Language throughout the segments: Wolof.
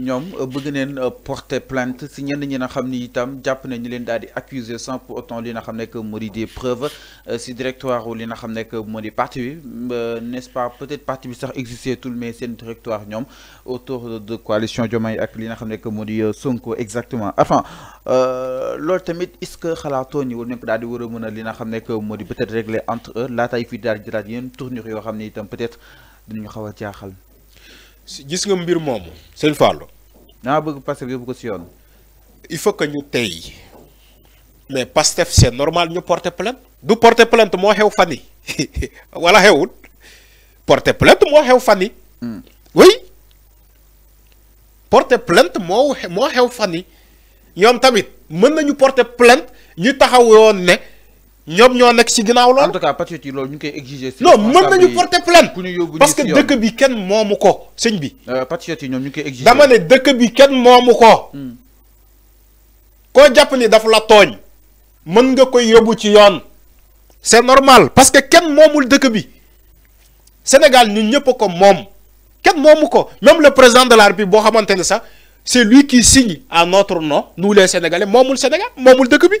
ñom euh, bëgg neen euh, porter plainte si ñenn ñi nga xamni itam japp nañu leen daal di accuser sans pour autant li nga xam que moo des preuves euh, si directoire li nga xam nekk moo parti bi n'est-ce pas peut-être parti bi sax existé tout mais seen directoire ñom autour de coalition jomay ak li nga xam nekk moo Sonko exactement enfin loolu tamit est-ce que xalaatoo ñu war ko daal di war mëna li nga xam nekk peut-être régler entre eux taille fi daal di jëlaat yeneen tournure yo xamni itam peut-être dinañu xaw a jaaxal gis nga mbir moomu sëñ Fallou. na bëgg Pastef yóbbu ko ci yoon. il faut que ñu tay mais Pastef c'est normal ñu porter plainte du porter plainte mo xew fani wala xewul porter plainte mo xew fani hmm. oui porter plainte mo mo xew fani ñom tamit mën nañu porter plainte ñu yoon ne ñom ñoo nekk ci ginaaw lool en tout cas patriote yi loolu ñu koy exiger. non mën nañu porter plainte. parce que dëkk bi kenn momuko ko bi. Euh, patriote yi ñoom ñu koy exiger. dama ne dëkk bi kenn momuko ko. Hmm. japp ni daf la togn mën nga koy yobu ci yoon. c'est normal parce que kenn momul dëkk bi. Sénégal ñun ñëpp ko mom kenn momuko même le président de la République bo xamante ne sax c'est lui qui signe à notre nom nous les Sénégalais momul Sénégal momul dëkk bi.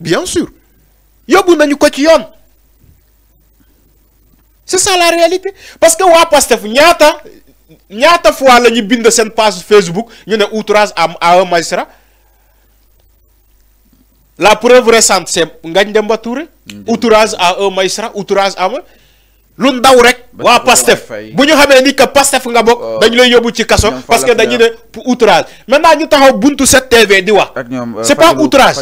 bien sûr nañu ko ci c'est ça la réalité parce que wa Pastef ñaata ñaata fois la page Facebook ñu né outrage à un la preuve récente c'est Ngagne de Touré outrage à un magistrat outrage à un lu ndaw rek wa Pastef bu ñu ni que Pastef nga bok oh. dañ lay ci parce que dañu outrage maintenant ñu taxaw buntu 7TV di wax c'est euh, pas outrage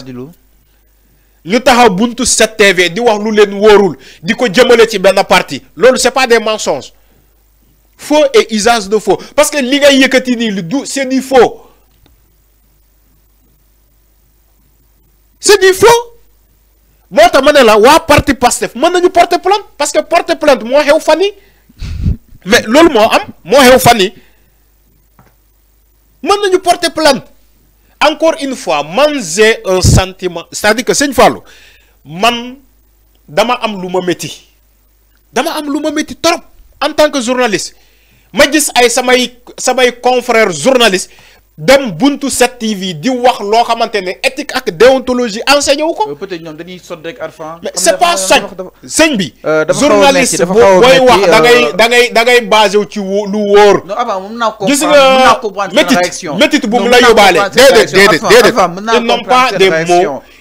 le taxaw 7TV di wax lu len worul di ko ci parti c'est pas des mensonges faux et usage de faux parce que li ngay yëkëti ni c'est du faux c'est du faux Moi, la parti Pastef mën nañu porter plainte parce que porter plainte Moi xew fanni. mais lolu moi am mo xew Je suis nañu porter plainte encore une fois man j'ai un sentiment c'est-à-dire que une fois, man dama am luma ma dama am luma ma trop en tant que journaliste ma dis ay samay samay confrères journaliste dem buntu 7TV di wax lo xamantene éthique ak déontologie euh, peut-être mais c'est pas ça, c'est bi. Euh, journaliste wax da ngay euh, da ngay da ngay basé ci lu wor gis nga bu la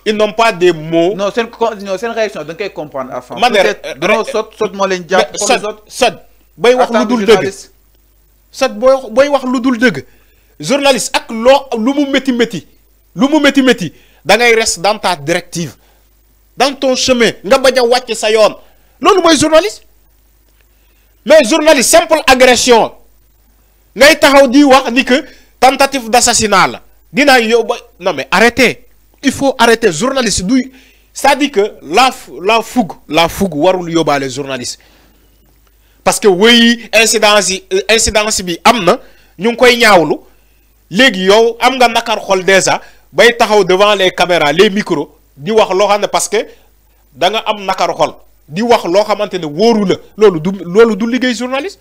ils n'ont pas des mots. ils n'ont pas des mots. non c'est réaction comprendre Arfan. sot sot wax dul sot wax lu journaliste ak lo lu mu metti métti lu mu da ngay reste dans ta directive dans ton chemin nga bañ a wàcc sa yoon loolu moy journaliste mais journaliste simple agression ngay taxaw di wax ni que tentative d'assassinat la non mais arrêtez il faut arrêter journaliste du c'est-à-dire que la la fougue la fougue warul les journaliste parce que wéyi incidence yi incidence bi amna, na koy ñaawlu léegi yow am nga nakar xol déjà bay taxaw devant les caméras les micro di wax loo xam ne parce que da nga am nakar xol di wax loo xamante ne wóoru la loolu du loolu du liggéey journaliste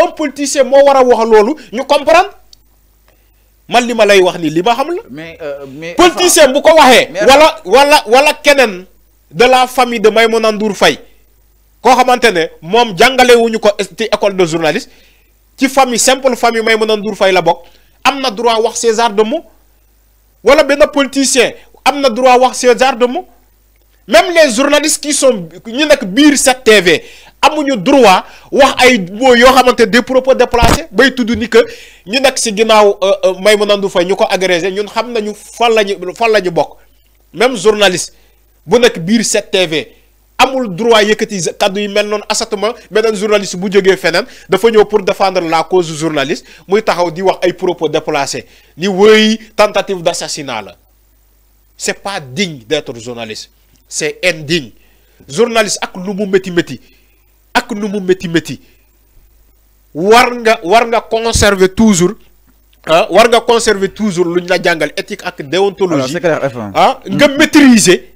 un politicien moo war a wax loolu ñu comprendre man li ma lay wax nii li ma xam la. mais euh, mais politicien bu ko waxee. wala wala wala keneen de la famille de Maïmouna Ndour fay koo xamante ne moom jàngale wuñu ko ci école de journaliste ci famille simple famille Maïmouna Ndour fay la bokk. am na droit wax César de mots wala benn politicien am na droit wax César de mots même les journalistes qui sont ñu nekk biir 7TV amuñu droit wax ay mots yoo xamante de propos déplacés bay tudd ni que ñu nekk si ginnaaw euh, euh, Maïmouna du Faye ñu ko agressé ñun xam nañu fan la ñu fan la bokk même journaliste bu nekk biir 7TV. amul droit tu kaddu yi mel non mais benen journaliste bu jógee feneen dafa ñëw pour défendre la cause du journaliste muy taxaw di wax ay propos déplacés ni wëy tentative d'assassinat la c'est pas digne d'être journaliste c'est indigne journaliste ak lu mu metti metti ak nu mu metti metti war nga war nga conserver toujours ah war nga conserver toujours luñ la jangal éthique ak déontologie ah nga mm. maîtriser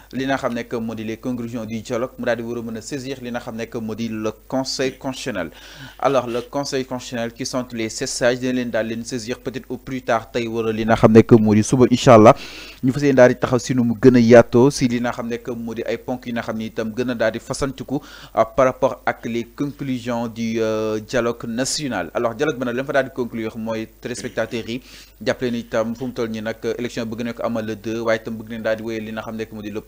lina nga xam nekk les conclusions du dialogue mu dadi wuro war saisir li nga le conseil constitutionnel alors le conseil constitutionnel qui sont les 16 sages dina leen daal saisir peut-être au plus tard tay wuro lina nga xam nekk suba inshallah ñu fassé yéene di taxaw si nu mu gën yato. si lina nga xam nekk ay ponk yi nga xamni tam gëna gën di euh, par rapport ak les conclusions du euh, dialogue national alors dialogue bi nag fa daal di conclure très spectateur yi jàpp leen itam fu mu toll nii nag euh, élection bëgg nañ ko amal le deux waye itam bëgg nañ daal di wéyal li nga xam le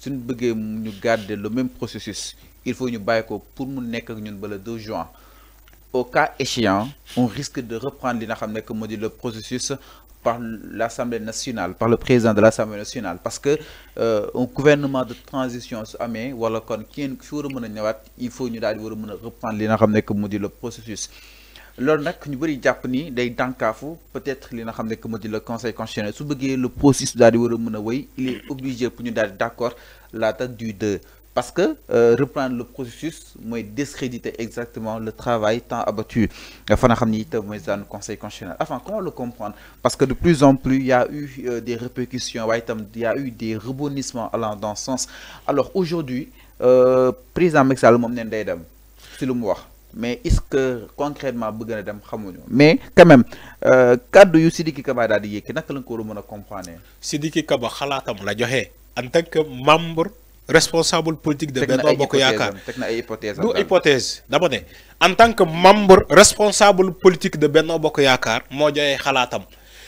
Si nous ñu garder le même processus il faut que nous ko pour le 2 juin au cas échéant on risque de reprendre le processus par l'Assemblée nationale par le président de l'Assemblée nationale parce que euh, un gouvernement de transition il faut reprendre que le processus Lorsque nous avons dit que peut-être que le conseil constitutionnel Si le processus daal il est obligé pour nous d'accord la date du 2 parce que euh, reprendre le processus il discréditer exactement le travail tant abattu fa conseil constitutionnel enfin comment le comprendre parce que de plus en plus il y a eu euh, des répercussions il y a eu des rebondissements dans ce sens alors aujourd'hui euh, président Macky Sall mais est-ce que concrètement bëgg na dem xamuñu mais quand même cadre euh, yu Sidiki Kaba daal di yëkki nak la ko war comprendre. Sidiki Kaba xalaatam la joxe en tant que membre responsable politique de Benno Bokk Yakar teg hypothèse en tant que membre responsable politique de Benno Bokk Yakar mo joxe xalaatam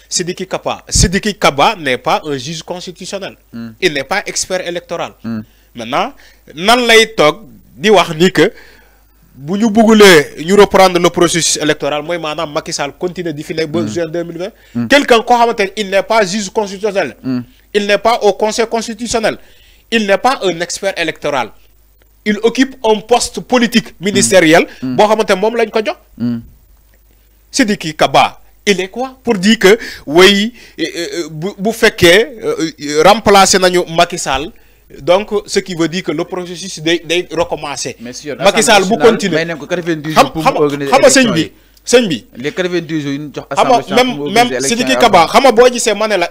Sidiki Kaba Sidiki Kaba n'est pas un juge constitutionnel. Hmm. il n'est pas expert électoral. Hmm. maintenant nan lay tok di wax ni que. Si nous voulons reprendre le processus électoral moi, Madame Macky Sall continue de filer ba mm. juin mm. quelqu'un qui il n'est pas juge constitutionnel. Mm. il n'est pas au conseil constitutionnel. il n'est pas un expert électoral. il occupe un poste politique ministériel. boo xamante ne lañ ko Kaba il est quoi pour dire que oui, vous euh, euh, faites euh, remplacer Macky Sall donc ce qui veut dire que le processus est recommencé. recommencer. Macky Sall bu continuer may nañ ko les jours même Sidi Kaba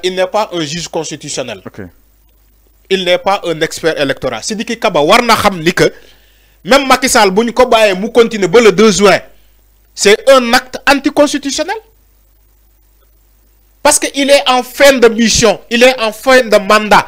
il n'est pas un juge constitutionnel. il n'est pas un expert électoral Sidi Kaba war na que même Macky Sall Si ko bàyyee mu le 2 juin c'est un acte anticonstitutionnel. parce qu'il est en fin de mission il est en fin de mandat.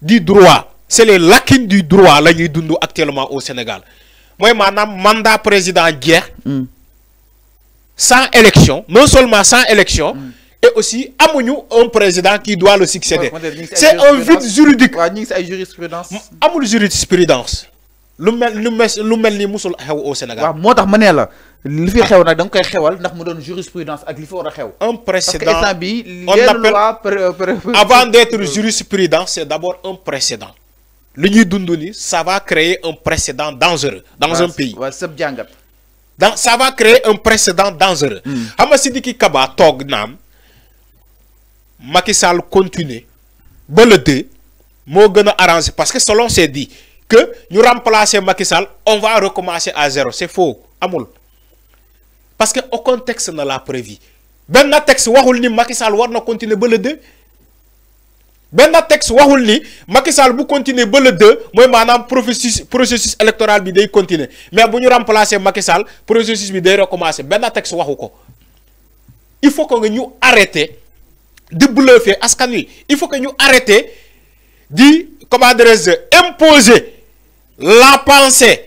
du droit c'est les lacunes du droit actuellement au Sénégal suis un mandat président mm. sans élection non seulement sans élection mm. et aussi amounou, un président qui doit le succéder c'est un vide juridique nous jurisprudence lu mel au Sénégal li fi xew nag da koy xewal ndax mu jurisprudence ak li fi war a xew. un précédent on appelle avant d'être jurisprudence c'est d'abord un précédent. li ñuy dunduni ça va créer un précédent dangereux. dans un pays dans ça va créer un précédent dangereux. Hmm. xam nga Sidiki Kaba toog naam continuer ba le deux moo arranger parce que selon c'est dit que ñu remplacer Macky on va recommencer à zéro c'est faux amul parce que aucun texte ne l'a prévu benn texte waxul ni Macky Sall war na continuer ba le 2 benn texte waxul ni Macky Sall bu continuer ba le 2 moy manam processus processus électoral bi day continuer mais bu ñu remplacer Macky Sall processus bi day recommencer benn texte waxuko. il faut que nous ñu arrêter di bluffer askan il faut que ñu arrêter di comment imposer la pensée.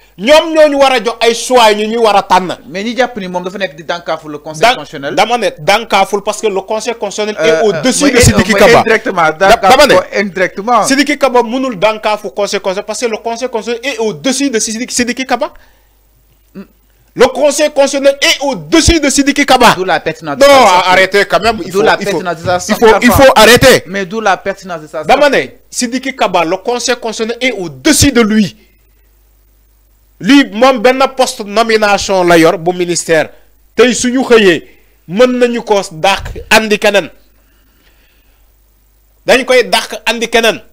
ñom ñoo ñu a jox ay choix ñu ñuy wara a mais ñi japp ni moom dafa nek di dankaful le conseil constitutionnel. dama ne parce que le conseil constitutionnel. est euh, au-dessus euh, de Sidiki euh, Kaba indirectement dama indirectement. Sidiki Kaba mënul dankaful conseil constitutionnel parce que le conseil constitutionnel est au-dessus de Sidiki Kaba. Le conseil constitutionnel est au-dessus de Sidiki Kaba. D'où la pertinence Non, arrêtez quand même. Il faut, il faut, il faut, arrêter. Mais d'où la pertinence de ça Damane, Sidiki Kaba, le conseil constitutionnel est au-dessus de lui. lii moom benn post nomination la yor bu ministère tey suñu xëyee mën nañu ko dàq andi keneen dañ koy dàq andi keneen